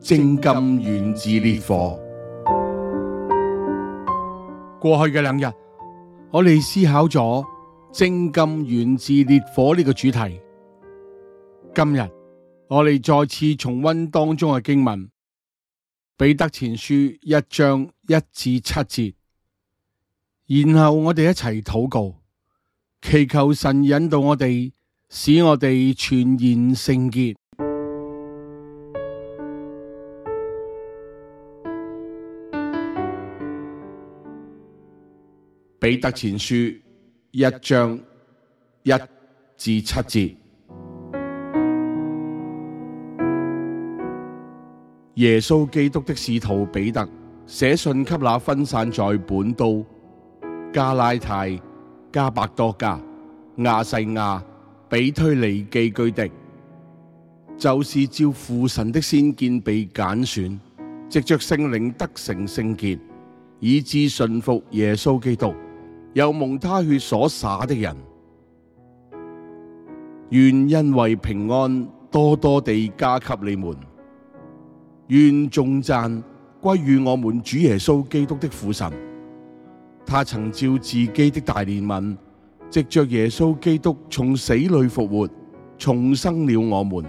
精金源自烈火。過去嘅兩日，我哋思考咗精金源自烈火呢個主題。今日我哋再次重溫當中嘅經文，彼得前書一章一至七節。然後我哋一齊禱告，祈求神引導我哋，使我哋全然聖潔。彼得前書一章一至七節，耶穌基督的使徒彼得寫信給那分散在本都、加拉太、加百多加、亞細亞、比推尼寄居的，就是照父神的先見被揀選，藉着聖靈得成聖潔，以致信服耶穌基督。又蒙他血所灑的人，願因為平安多多地加給你們，願頌讚歸與我們主耶穌基督的父神。他曾照自己的大憐憫，藉着耶穌基督從死裏復活，重生了我們，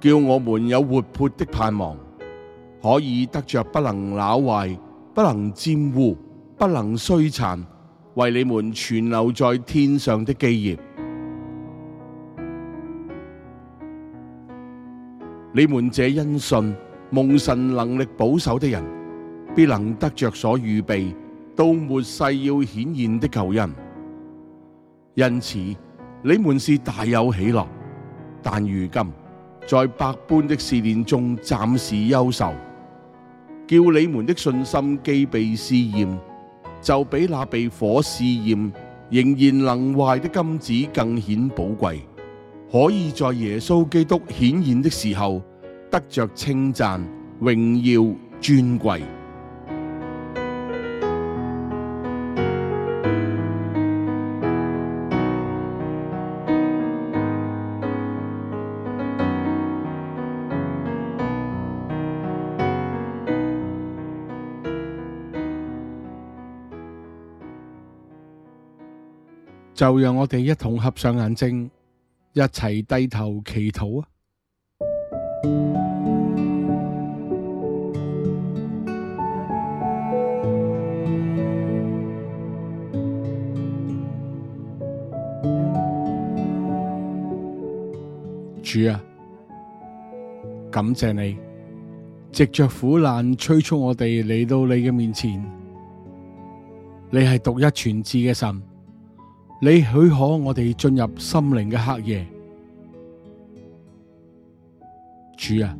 叫我們有活潑的盼望，可以得着不能朽壞、不能玷污、不能衰殘。為你們存留在天上的基業，你們這因信蒙神能力保守的人，必能得着所預備到末世要顯現的救恩。因此，你們是大有喜樂，但如今在百般的試煉中暫時憂愁，叫你們的信心既被試驗。就比那被火試驗仍然能壞的金子更顯寶貴，可以在耶穌基督顯現的時候得着稱讚、榮耀、尊貴。就讓我哋一同合上眼睛，一齊低頭祈禱啊！主啊，感謝你，藉着苦難催促我哋嚟到你嘅面前。你係獨一全智嘅神。你許可我哋進入心靈嘅黑夜，主啊，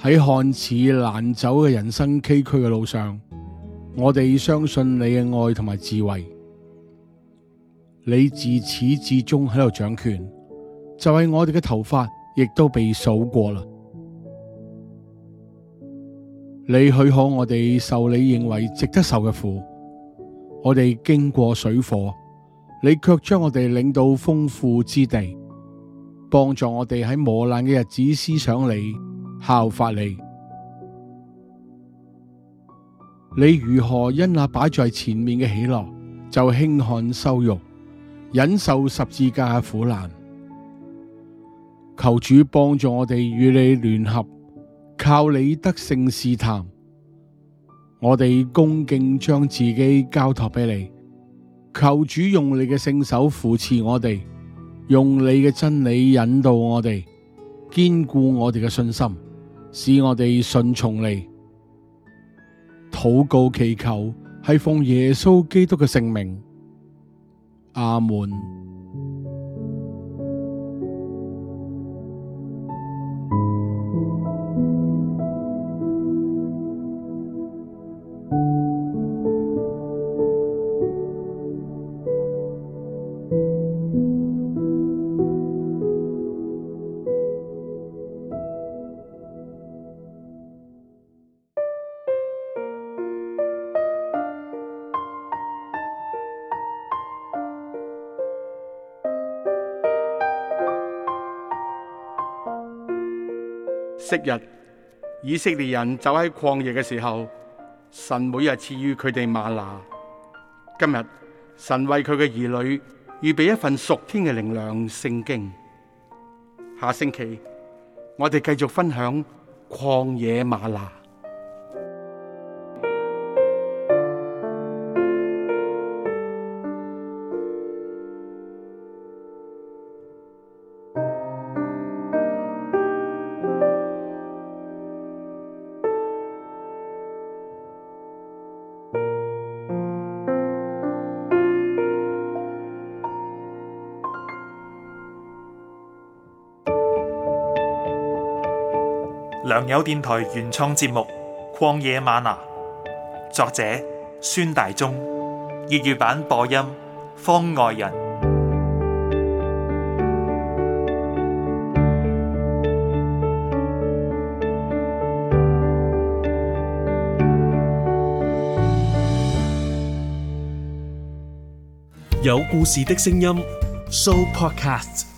喺看似難走嘅人生崎嶇嘅路上，我哋相信你嘅愛同埋智慧。你自始至終喺度掌權，就係我哋嘅頭髮亦都被數過啦。你許可我哋受你認為值得受嘅苦，我哋經過水火。你卻將我哋領到豐富之地，幫助我哋喺磨難嘅日子思想你、效法你。你如何因那擺在前面嘅喜樂，就輕看羞辱、忍受十字架嘅苦難。求主幫助我哋與你聯合，靠你得勝試探。我哋恭敬將自己交託俾你。求主用你嘅聖手扶持我哋，用你嘅真理引導我哋，堅固我哋嘅信心，使我哋順從你。禱告祈求係奉耶穌基督嘅聖名，阿門。昔日以色列人走喺曠野嘅時候，神每日賜予佢哋嗎哪。今日神為佢嘅兒女預備一份屬天嘅靈糧——聖經。下星期我哋繼續分享曠野嗎哪。良友電台原創節目《曠野嗎哪》，作者孫大中，粵語版播音方外人，有故事的聲音，Show Podcast。